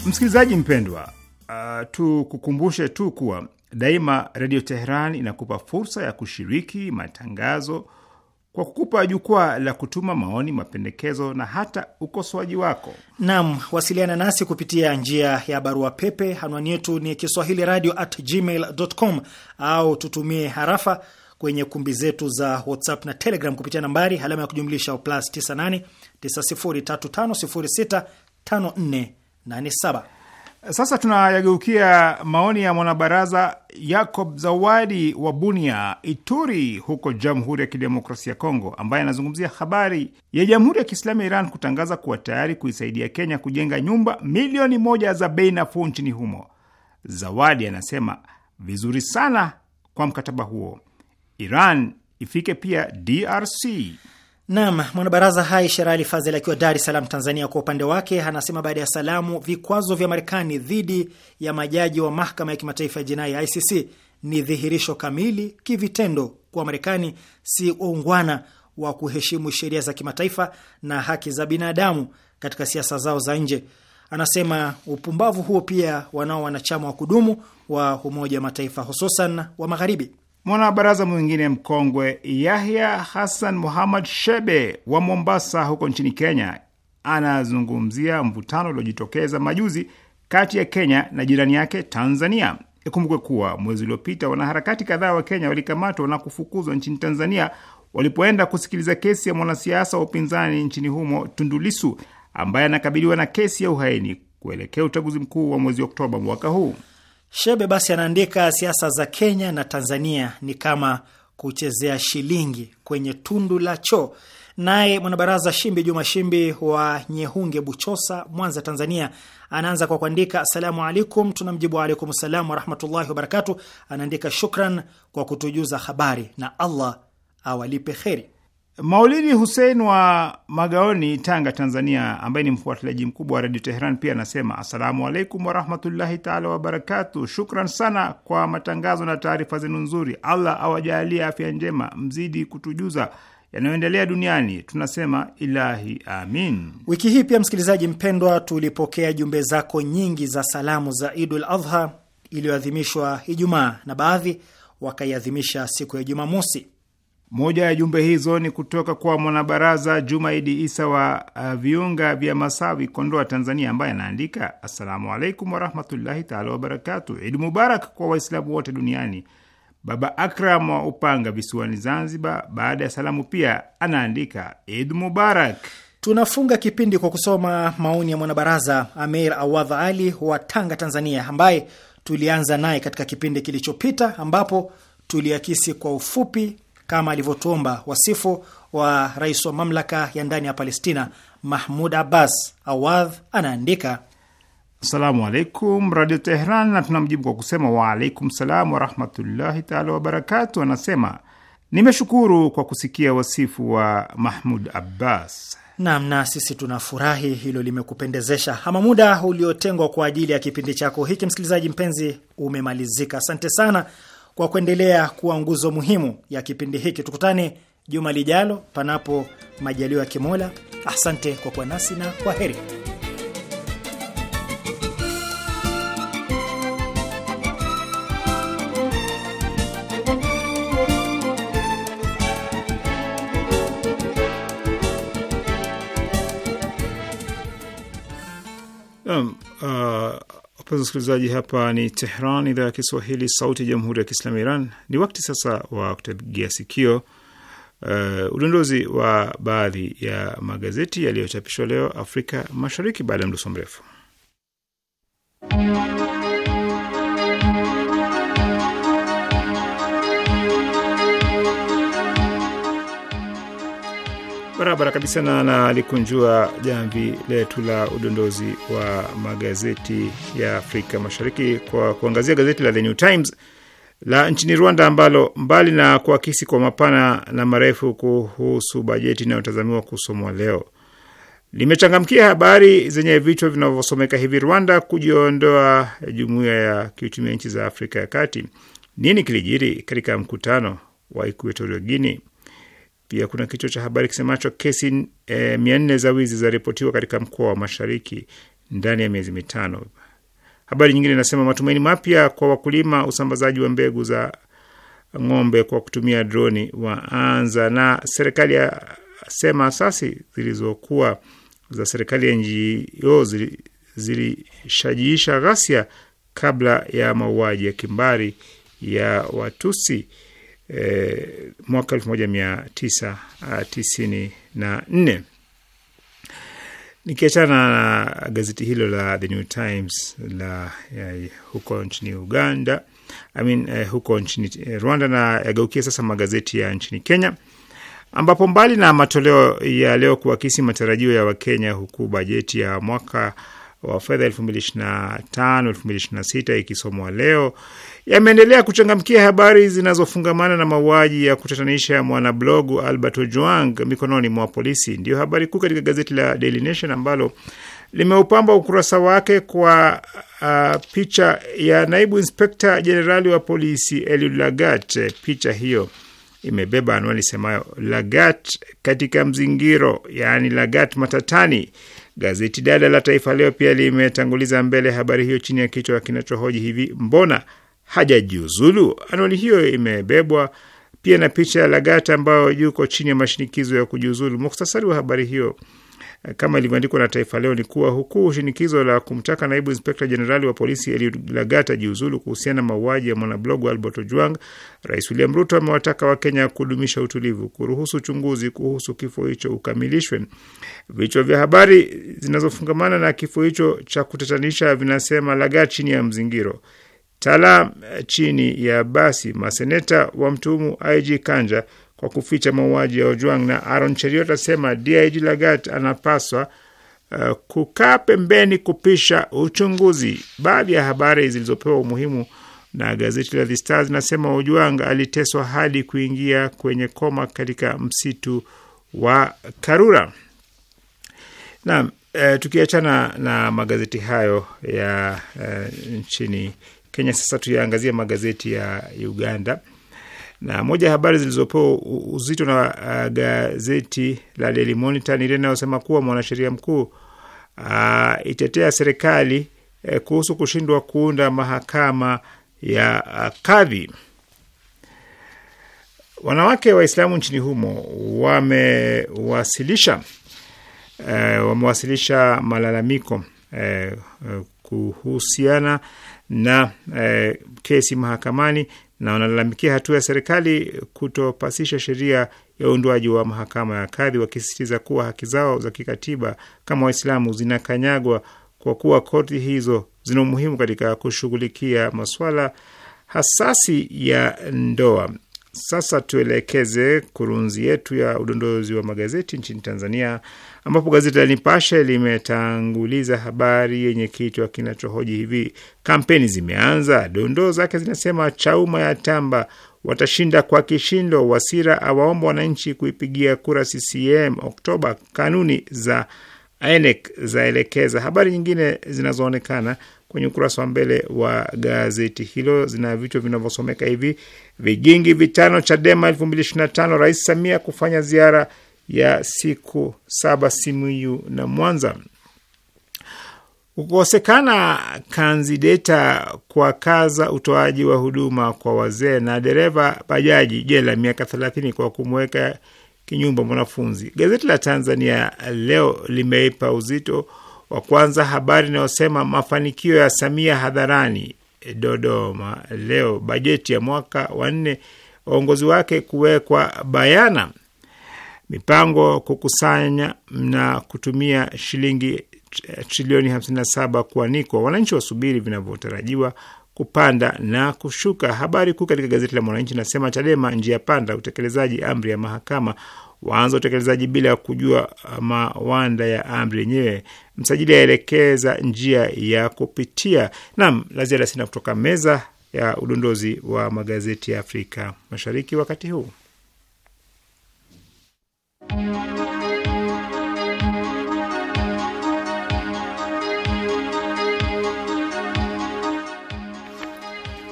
Msikilizaji mpendwa Ah, tukukumbushe tu kuwa daima Redio Teheran inakupa fursa ya kushiriki matangazo kwa kukupa jukwaa la kutuma maoni, mapendekezo na hata ukosoaji wako. Naam, wasiliana nasi kupitia njia ya barua pepe. Anwani yetu ni kiswahili radio at gmail com, au tutumie harafa kwenye kumbi zetu za WhatsApp na Telegram kupitia nambari alama ya kujumlisha plus 98 9035065487. Sasa tunayageukia maoni ya mwanabaraza Yacob Zawadi wa Bunia, Ituri, huko Jamhuri ya Kidemokrasia ya Kongo, ambaye anazungumzia habari ya Jamhuri ya Kiislamu ya Iran kutangaza kuwa tayari kuisaidia Kenya kujenga nyumba milioni moja za bei nafuu nchini humo. Zawadi anasema vizuri sana kwa mkataba huo, Iran ifike pia DRC. Nam mwanabaraza hai Sherali Fazel akiwa Dar es Salaam, Tanzania, kwa upande wake anasema baada ya salamu, vikwazo vya Marekani dhidi ya majaji wa mahakama ya kimataifa ya jinai ICC ni dhihirisho kamili kivitendo kuwa Marekani si waungwana wa kuheshimu sheria za kimataifa na haki za binadamu katika siasa zao za nje. Anasema upumbavu huo pia wanao wanachama wa kudumu wa Umoja wa Mataifa, hususan wa Magharibi. Mwanabaraza mwingine mkongwe Yahya Hassan Muhammad Shebe wa Mombasa huko nchini Kenya anazungumzia mvutano uliojitokeza majuzi kati ya Kenya na jirani yake Tanzania. Ikumbukwe kuwa mwezi uliopita wanaharakati kadhaa wa Kenya walikamatwa na kufukuzwa nchini Tanzania walipoenda kusikiliza kesi ya mwanasiasa wa upinzani nchini humo Tundulisu ambaye anakabiliwa na kesi ya uhaini kuelekea uchaguzi mkuu wa mwezi Oktoba mwaka huu. Shebe basi anaandika, siasa za Kenya na Tanzania ni kama kuchezea shilingi kwenye tundu la choo. Naye mwanabaraza Shimbi Juma Shimbi wa Nyehunge, Buchosa, Mwanza, Tanzania, anaanza kwa kuandika asalamu alaikum. Tunamjibu waalaikum salam warahmatullahi wabarakatu. Anaandika shukran kwa kutujuza habari na Allah awalipe kheri. Maulidi Husein wa Magaoni, Tanga, Tanzania, ambaye ni mfuatiliaji mkubwa wa redio Teheran pia anasema assalamu alaikum warahmatullahi taala wabarakatu. Shukran sana kwa matangazo na taarifa zenu nzuri. Allah awajalie afya njema, mzidi kutujuza yanayoendelea duniani. Tunasema ilahi amin. Wiki hii pia, msikilizaji mpendwa, tulipokea jumbe zako nyingi za salamu za Idul Adha iliyoadhimishwa Ijumaa na baadhi wakaiadhimisha siku ya Jumamosi. Moja ya jumbe hizo ni kutoka kwa mwanabaraza Jumaidi Isa wa uh, viunga vya Masawi, Kondoa, Tanzania, ambaye anaandika assalamu alaikum warahmatullahi taala wabarakatu. Idi mubarak kwa Waislamu wote duniani. Baba Akram wa Upanga visiwani Zanzibar, baada ya salamu pia anaandika Idi mubarak. Tunafunga kipindi kwa kusoma maoni ya mwanabaraza Amir Awadh Ali wa Tanga, Tanzania, ambaye tulianza naye katika kipindi kilichopita ambapo tuliakisi kwa ufupi kama alivyotuomba wasifu wa rais wa mamlaka ya ndani ya Palestina Mahmud Abbas. Awadh anaandika Asalamu alaikum, Radio Tehran, na tunamjibu kwa kusema waalaikum salam warahmatullahi taala wabarakatu. Anasema nimeshukuru kwa kusikia wasifu wa Mahmud Abbas. Naam, na sisi tunafurahi hilo limekupendezesha. Ama muda uliotengwa kwa ajili ya kipindi chako hiki, msikilizaji mpenzi, umemalizika. Asante sana kwa kuendelea kuwa nguzo muhimu ya kipindi hiki. Tukutane juma lijalo, panapo majaliwa ya Kimola. Asante kwa kuwa nasi na kwa heri. Um, Mpenzi msikilizaji, hapa ni Tehran, idhaa ya Kiswahili, sauti ya jamhuri ya kiislamu Iran. Ni wakati sasa wa kutegea sikio uh, udondozi wa baadhi ya magazeti yaliyochapishwa leo Afrika Mashariki baada ya mdoso mrefu barabara kabisa, na nalikunjua jamvi letu la udondozi wa magazeti ya Afrika Mashariki kwa kuangazia gazeti la The New Times la nchini Rwanda, ambalo mbali na kuakisi kwa mapana na marefu kuhusu bajeti inayotazamiwa kusomwa leo, limechangamkia habari zenye vichwa vinavyosomeka hivi: Rwanda kujiondoa jumuiya ya kiuchumi ya nchi za Afrika ya Kati, nini kilijiri katika mkutano wa Equatorial Guinea? Pia kuna kichwa cha habari kisemacho kesi e, mia nne za wizi zaripotiwa katika mkoa wa Mashariki ndani ya miezi mitano. Habari nyingine inasema matumaini mapya kwa wakulima, usambazaji wa mbegu za ng'ombe kwa kutumia droni waanza, na serikali yasema asasi zilizokuwa za serikali ya NGO zilishajiisha ghasia kabla ya mauaji ya kimbari ya Watusi. Eh, tisini mwaka nne. Nikiachana na gazeti hilo la The New Times la eh, huko nchini Uganda I mean, eh, huko nchini eh, Rwanda na yageukia sasa magazeti ya nchini Kenya ambapo mbali na matoleo ya leo kuakisi matarajio ya Wakenya huku bajeti ya mwaka wa fedha 2025/2026 ikisomwa leo yameendelea kuchangamkia habari zinazofungamana na mauaji ya kutatanisha mwanablogu Albert Ojwang mikononi mwa polisi. Ndiyo habari kuu katika gazeti la Daily Nation ambalo limeupamba ukurasa wake kwa uh, picha ya naibu inspekta jenerali wa polisi Eliud Lagat. Picha hiyo imebeba anwani semayo Lagat katika mzingiro, yaani Lagat matatani. Gazeti dada la Taifa Leo pia limetanguliza mbele habari hiyo chini ya kichwa kinachohoji hivi: mbona hajajiuzulu. Anwani hiyo imebebwa pia na picha ya Lagata ambayo yuko chini ya mashinikizo ya kujiuzulu. Muktasari wa habari hiyo eh, kama ilivyoandikwa na Taifa Leo ni kuwa huku shinikizo la kumtaka naibu inspekta jenerali wa polisi Eliud Lagata jiuzulu kuhusiana na mauaji ya mwanablogu Albert Ojwang, Rais William Ruto amewataka Wakenya kudumisha utulivu, kuruhusu uchunguzi kuhusu kifo hicho ukamilishwe. Vichwa vya habari zinazofungamana na kifo hicho cha kutatanisha vinasema: Lagat chini ya mzingiro, Taalam eh, chini ya basi maseneta wa wamtuhumu IG Kanja kwa kuficha mauaji ya Ojwang na Aaron Cheriot asema DIG Lagat anapaswa uh, kukaa pembeni kupisha uchunguzi. Baadhi ya habari zilizopewa umuhimu na gazeti la The Star zinasema Ojwang aliteswa hadi kuingia kwenye koma katika msitu wa Karura. Naam, uh, tukiachana na magazeti hayo ya uh, nchini Kenya. Sasa tuyaangazia magazeti ya Uganda, na moja ya habari zilizopewa uzito na uh, gazeti la Daily Monitor ni ile inayosema kuwa mwanasheria mkuu uh, itetea serikali uh, kuhusu kushindwa kuunda mahakama ya uh, kadhi. Wanawake Waislamu nchini humo wamewasilisha uh, wamewasilisha malalamiko uh, uh, kuhusiana na e, kesi mahakamani na wanalalamikia hatua ya serikali kutopasisha sheria ya uundwaji wa mahakama ya kadhi, wakisisitiza kuwa haki zao za kikatiba kama Waislamu zinakanyagwa kwa kuwa koti hizo zina umuhimu katika kushughulikia masuala hasasi ya ndoa. Sasa tuelekeze kurunzi yetu ya udondozi wa magazeti nchini Tanzania, ambapo gazeti la Nipashe limetanguliza habari yenye kichwa kinachohoji hivi kampeni zimeanza. Dondoo zake zinasema Chauma ya tamba watashinda kwa kishindo, Wasira awaomba wananchi kuipigia kura CCM Oktoba, kanuni za INEC zaelekeza. Habari nyingine zinazoonekana kwenye ukurasa wa mbele wa gazeti hilo zina vichwa vinavyosomeka hivi: vigingi vitano Chadema 2025, Rais Samia kufanya ziara ya siku saba Simiyu na Mwanza. Kukosekana kanzideta kwa kaza utoaji wa huduma kwa wazee, na dereva bajaji jela miaka 30 kwa kumweka kinyumba mwanafunzi. Gazeti la Tanzania Leo limeipa uzito wa kwanza habari inayosema mafanikio ya Samia hadharani, Dodoma leo bajeti ya mwaka wa nne uongozi wake kuwekwa bayana, mipango kukusanya na kutumia shilingi trilioni 57 kuanikwa, wananchi wasubiri vinavyotarajiwa kupanda na kushuka. Habari kuu katika gazeti la Mwananchi nasema Chadema njia panda, utekelezaji amri ya mahakama, waanza utekelezaji bila kujua uh, mawanda ya amri yenyewe. Msajili aelekeza njia ya kupitia. Naam, la ziada sina kutoka meza ya udondozi wa magazeti ya Afrika Mashariki wakati huu.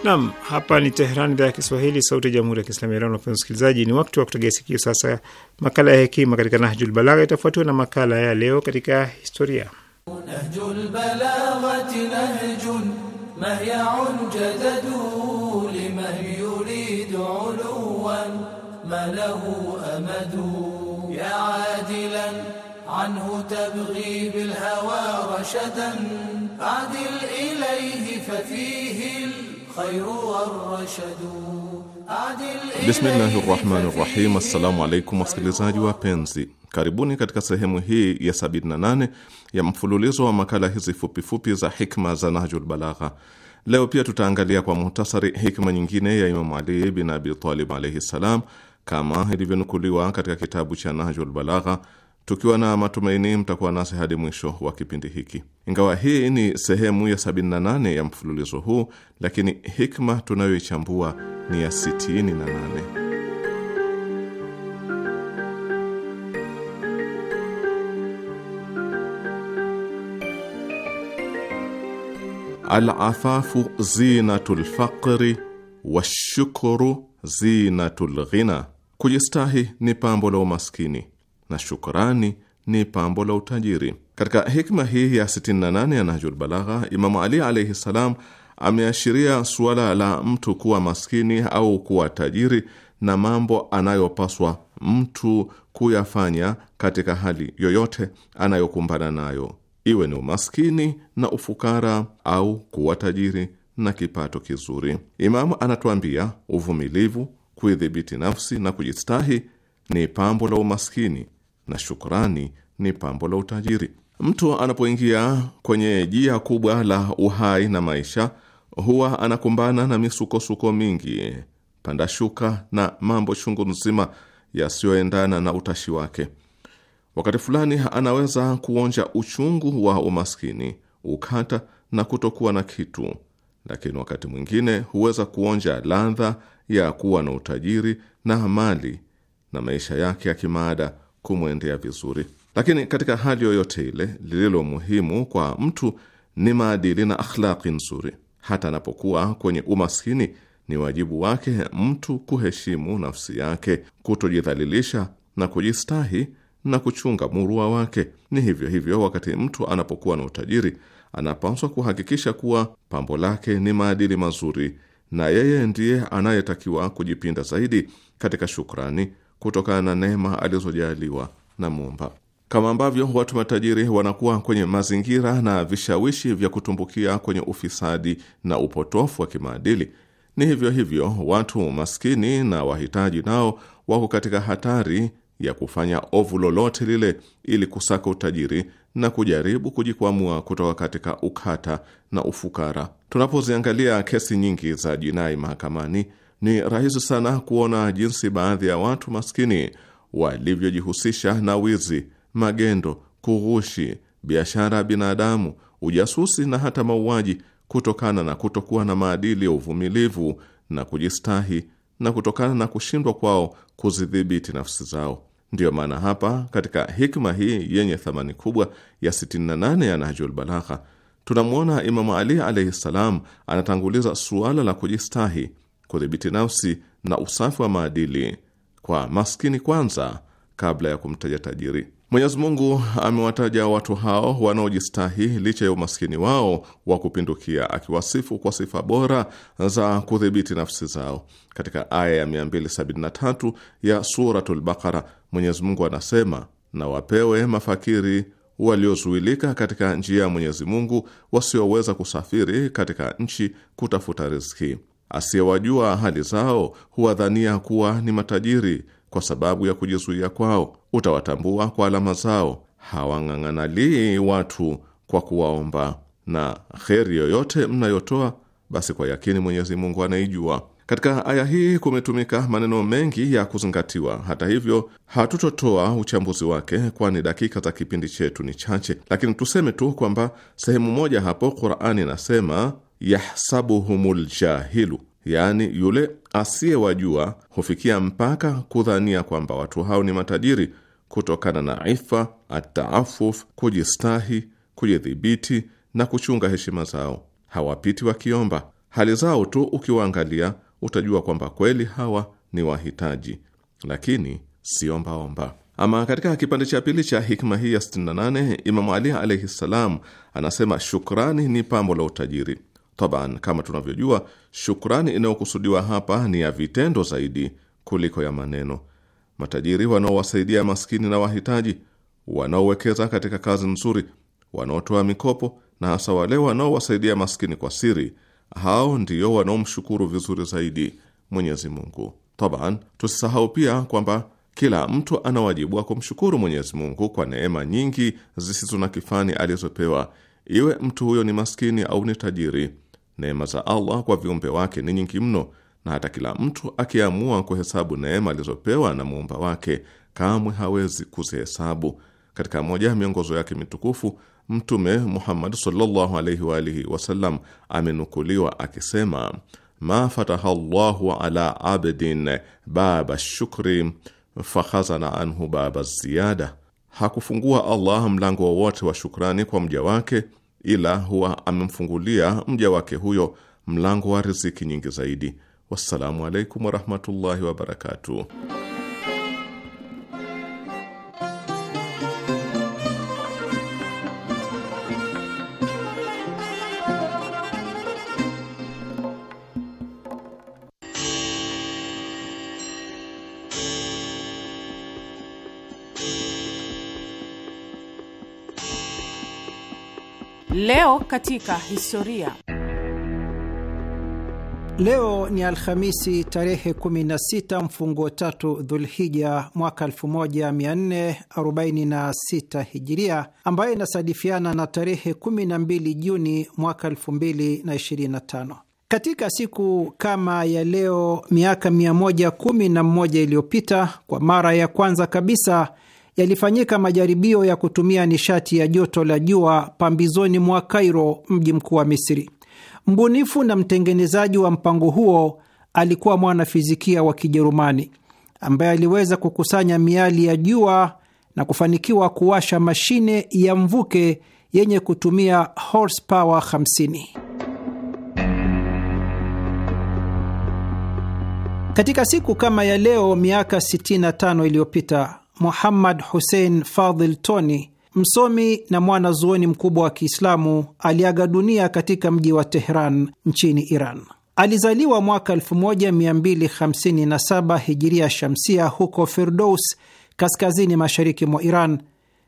Nam, hapa ni Teheran, idhaa ya Kiswahili, sauti ya jamhuri ya kiislamu ya Iran. Wapenzi wasikilizaji, ni wakati wa kutegea sikio sasa makala ya hekima katika Nahjul Balagha, itafuatiwa na makala ya leo katika historia. Nahjul Bismillahi rahmani rahim. Assalamu alaikum wasikilizaji wapenzi, karibuni katika sehemu hii ya 78 ya mfululizo wa makala hizi fupifupi za hikma za Nahjul Balagha. Leo pia tutaangalia kwa muhtasari hikma nyingine ya Imamu Ali bin Abi Talib alaihi ssalam, kama ilivyonukuliwa katika kitabu cha Nahjul Balagha tukiwa na matumaini mtakuwa nasi hadi mwisho wa kipindi hiki. Ingawa hii ni sehemu ya 78 ya mfululizo huu, lakini hikma tunayoichambua ni ya 68. Alafafu zinatu lfaqri washukuru zinatu lghina, kujistahi ni pambo la umaskini na shukrani ni pambo la utajiri. Katika hikma hii ya 68 ya Nahjul Balagha, Imamu Ali alaihi ssalam ameashiria suala la mtu kuwa maskini au kuwa tajiri na mambo anayopaswa mtu kuyafanya katika hali yoyote anayokumbana nayo, iwe ni umaskini na ufukara au kuwa tajiri na kipato kizuri. Imamu anatuambia uvumilivu, kuidhibiti nafsi na kujistahi ni pambo la umaskini na shukrani ni pambo la utajiri. Mtu anapoingia kwenye jia kubwa la uhai na maisha, huwa anakumbana na misukosuko mingi, panda shuka na mambo chungu nzima yasiyoendana na utashi wake. Wakati fulani anaweza kuonja uchungu wa umaskini, ukata na kutokuwa na kitu, lakini wakati mwingine huweza kuonja ladha ya kuwa na utajiri na mali, na maisha yake ya kimaada kumwendea vizuri. Lakini katika hali yoyote ile, lililo muhimu kwa mtu ni maadili na akhlaki nzuri. Hata anapokuwa kwenye umaskini, ni wajibu wake mtu kuheshimu nafsi yake, kutojidhalilisha na kujistahi na kuchunga murua wake. Ni hivyo hivyo, wakati mtu anapokuwa na utajiri, anapaswa kuhakikisha kuwa pambo lake ni maadili mazuri, na yeye ndiye anayetakiwa kujipinda zaidi katika shukrani kutokana na neema alizojaliwa na Muumba. Kama ambavyo watu matajiri wanakuwa kwenye mazingira na vishawishi vya kutumbukia kwenye ufisadi na upotofu wa kimaadili, ni hivyo hivyo watu maskini na wahitaji nao wako katika hatari ya kufanya ovu lolote lile ili kusaka utajiri na kujaribu kujikwamua kutoka katika ukata na ufukara. Tunapoziangalia kesi nyingi za jinai mahakamani ni rahisi sana kuona jinsi baadhi ya watu maskini walivyojihusisha na wizi, magendo, kughushi, biashara ya binadamu, ujasusi na hata mauaji kutokana na kutokuwa na maadili ya uvumilivu na kujistahi na kutokana na kushindwa kwao kuzidhibiti nafsi zao. Ndiyo maana hapa katika hikma hii yenye thamani kubwa ya 68 ya Nahjul Balagha tunamwona Imamu Ali alaihi ssalam anatanguliza suala la kujistahi kudhibiti nafsi na usafi wa maadili kwa maskini kwanza kabla ya kumtaja tajiri. Mwenyezi Mungu amewataja watu hao wanaojistahi licha ya umaskini wao wa kupindukia, akiwasifu kwa sifa bora za kudhibiti nafsi zao. Katika aya ya 273 ya Suratul Baqara, Mwenyezi Mungu anasema, na wapewe mafakiri waliozuilika katika njia ya Mwenyezi Mungu, wasioweza kusafiri katika nchi kutafuta riziki Asiyewajua hali zao huwadhania kuwa ni matajiri kwa sababu ya kujizuia kwao. Utawatambua kwa alama zao. Hawang'ang'analii watu kwa kuwaomba, na kheri yoyote mnayotoa, basi kwa yakini Mwenyezi Mungu anaijua. Katika aya hii kumetumika maneno mengi ya kuzingatiwa. Hata hivyo, hatutotoa uchambuzi wake, kwani dakika za kipindi chetu ni chache, lakini tuseme tu kwamba sehemu moja hapo Qur'ani inasema yahsabuhum ljahilu yaani yule asiyewajua hufikia mpaka kudhania kwamba watu hao ni matajiri kutokana na ifa, ataafuf, kujistahi, kujidhibiti na kuchunga heshima zao. Hawapiti wakiomba, hali zao tu ukiwaangalia utajua kwamba kweli hawa ni wahitaji, lakini siombaomba. Ama katika kipande cha pili cha hikma hii ya 68 Imamu Ali alaihi ssalam anasema, shukrani ni pambo la utajiri Taban, kama tunavyojua, shukrani inayokusudiwa hapa ni ya vitendo zaidi kuliko ya maneno. Matajiri wanaowasaidia maskini na wahitaji, wanaowekeza katika kazi nzuri, wanaotoa mikopo na hasa wale wanaowasaidia maskini kwa siri, hao ndiyo wanaomshukuru vizuri zaidi Mwenyezi Mungu. Taban, tusisahau pia kwamba kila mtu ana wajibu wa kumshukuru Mwenyezi Mungu kwa neema nyingi zisizo na kifani alizopewa, iwe mtu huyo ni maskini au ni tajiri. Neema za Allah kwa viumbe wake ni nyingi mno, na hata kila mtu akiamua kuhesabu neema alizopewa na muumba wake kamwe hawezi kuzihesabu. Katika moja ya miongozo yake mitukufu Mtume Muhammad sallallahu alaihi wa alihi wasallam amenukuliwa akisema ma fataha llahu ala abdin baba shukri fakhazana anhu baba ziyada, hakufungua Allah mlango wowote wa shukrani kwa mja wake ila huwa amemfungulia mja wake huyo mlango wa riziki nyingi zaidi. Wassalamu alaikum warahmatullahi wabarakatuh. Leo katika historia. Leo ni Alhamisi tarehe 16 mfungo tatu Dhulhija mwaka 1446 Hijiria, ambayo inasadifiana na tarehe 12 Juni mwaka 2025. Katika siku kama ya leo miaka 111 iliyopita, kwa mara ya kwanza kabisa yalifanyika majaribio ya kutumia nishati ya joto la jua pambizoni mwa Kairo, mji mkuu wa Misri. Mbunifu na mtengenezaji wa mpango huo alikuwa mwanafizikia wa Kijerumani ambaye aliweza kukusanya miali ya jua na kufanikiwa kuwasha mashine ya mvuke yenye kutumia horsepower 50. Katika siku kama ya leo miaka 65 iliyopita Muhammad Hussein Fadhil tony msomi na mwanazuoni mkubwa wa Kiislamu, aliaga dunia katika mji wa Tehran nchini Iran. Alizaliwa mwaka 1257 hijiria shamsia huko Firdous, kaskazini mashariki mwa Iran.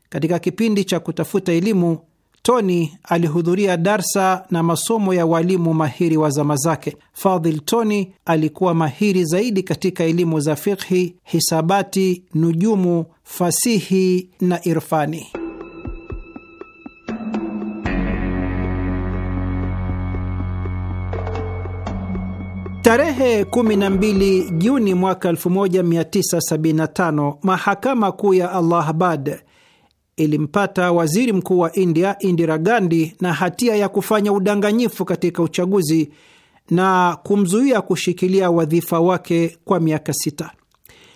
Katika kipindi cha kutafuta elimu Tony alihudhuria darsa na masomo ya walimu mahiri wa zama zake. Fadhil Tony alikuwa mahiri zaidi katika elimu za fikhi, hisabati, nujumu, fasihi na irfani. Tarehe 12 Juni mwaka 1975 mahakama kuu ya Allahabad ilimpata waziri mkuu wa India Indira Gandhi na hatia ya kufanya udanganyifu katika uchaguzi na kumzuia kushikilia wadhifa wake kwa miaka sita.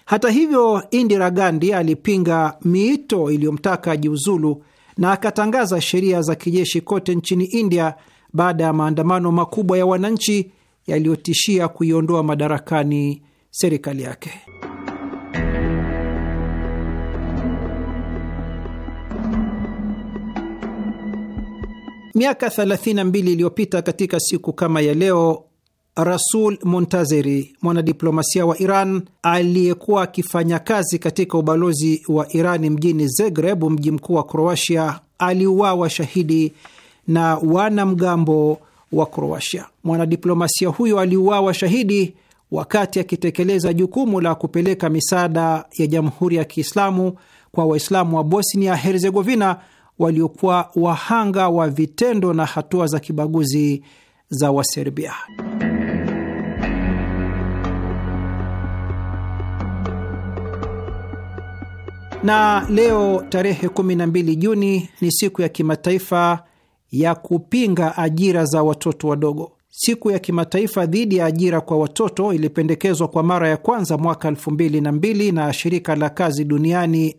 Hata hivyo, Indira Gandhi alipinga miito iliyomtaka ajiuzulu na akatangaza sheria za kijeshi kote nchini India baada ya maandamano makubwa ya wananchi yaliyotishia kuiondoa madarakani serikali yake. Miaka 32 iliyopita katika siku kama ya leo, Rasul Montazeri, mwanadiplomasia wa Iran aliyekuwa akifanya kazi katika ubalozi wa Iran mjini Zagreb, mji mkuu wa Kroatia, aliuawa shahidi na wanamgambo wa Kroatia. Mwanadiplomasia huyo aliuawa shahidi wakati akitekeleza jukumu la kupeleka misaada ya Jamhuri ya Kiislamu kwa Waislamu wa Bosnia Herzegovina waliokuwa wahanga wa vitendo na hatua za kibaguzi za Waserbia. Na leo tarehe 12 Juni ni siku ya kimataifa ya kupinga ajira za watoto wadogo siku ya kimataifa dhidi ya ajira kwa watoto ilipendekezwa kwa mara ya kwanza mwaka elfu mbili na mbili na shirika la kazi duniani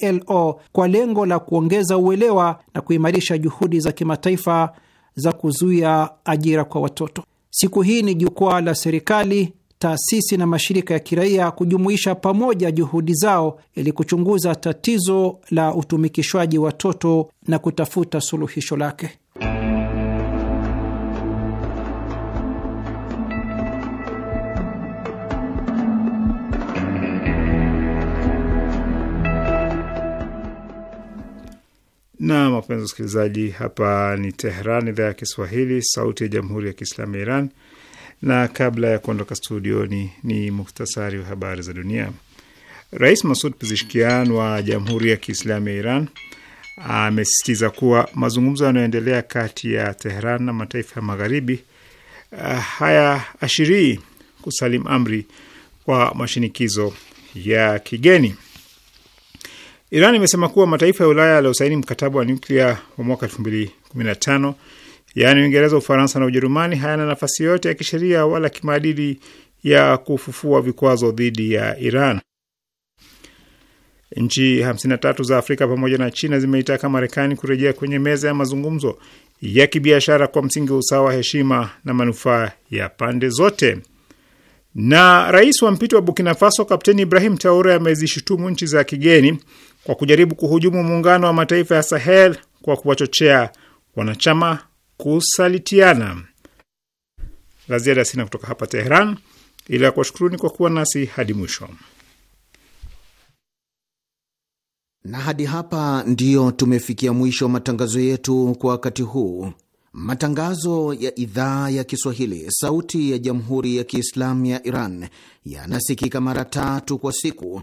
ILO kwa lengo la kuongeza uelewa na kuimarisha juhudi za kimataifa za kuzuia ajira kwa watoto. Siku hii ni jukwaa la serikali, taasisi na mashirika ya kiraia kujumuisha pamoja juhudi zao ili kuchunguza tatizo la utumikishwaji watoto na kutafuta suluhisho lake. na wapenzi wasikilizaji, hapa ni Tehran, idhaa ya Kiswahili, sauti ya jamhuri ya kiislamu ya Iran. Na kabla ya kuondoka studioni ni, ni muhtasari wa habari za dunia. Rais Masud Pezeshkian wa Jamhuri ya Kiislamu ya Iran amesisitiza kuwa mazungumzo yanayoendelea kati ya Tehran na mataifa ya Magharibi eh, hayaashirii kusalim amri kwa mashinikizo ya kigeni. Iran imesema kuwa mataifa ya Ulaya yaliyosaini mkataba wa nyuklia wa mwaka 2015 yaani Uingereza, Ufaransa na Ujerumani hayana nafasi yoyote ya kisheria wala kimaadili ya kufufua vikwazo dhidi ya Iran. Nchi 53 za Afrika pamoja na China zimeitaka Marekani kurejea kwenye meza ya mazungumzo ya kibiashara kwa msingi wa usawa, heshima na manufaa ya pande zote. Na rais wa mpito wa Burkina Faso Kapteni Ibrahim taure amezishutumu nchi za kigeni kwa kujaribu kuhujumu muungano wa mataifa ya Sahel kwa kuwachochea wanachama kusalitiana. La ziada sina kutoka hapa Teheran, ila kuwashukuruni kwa kuwa nasi hadi mwisho. Na hadi hapa ndiyo tumefikia mwisho wa matangazo yetu kwa wakati huu. Matangazo ya idhaa ya Kiswahili, sauti ya jamhuri ya kiislamu ya Iran yanasikika mara tatu kwa siku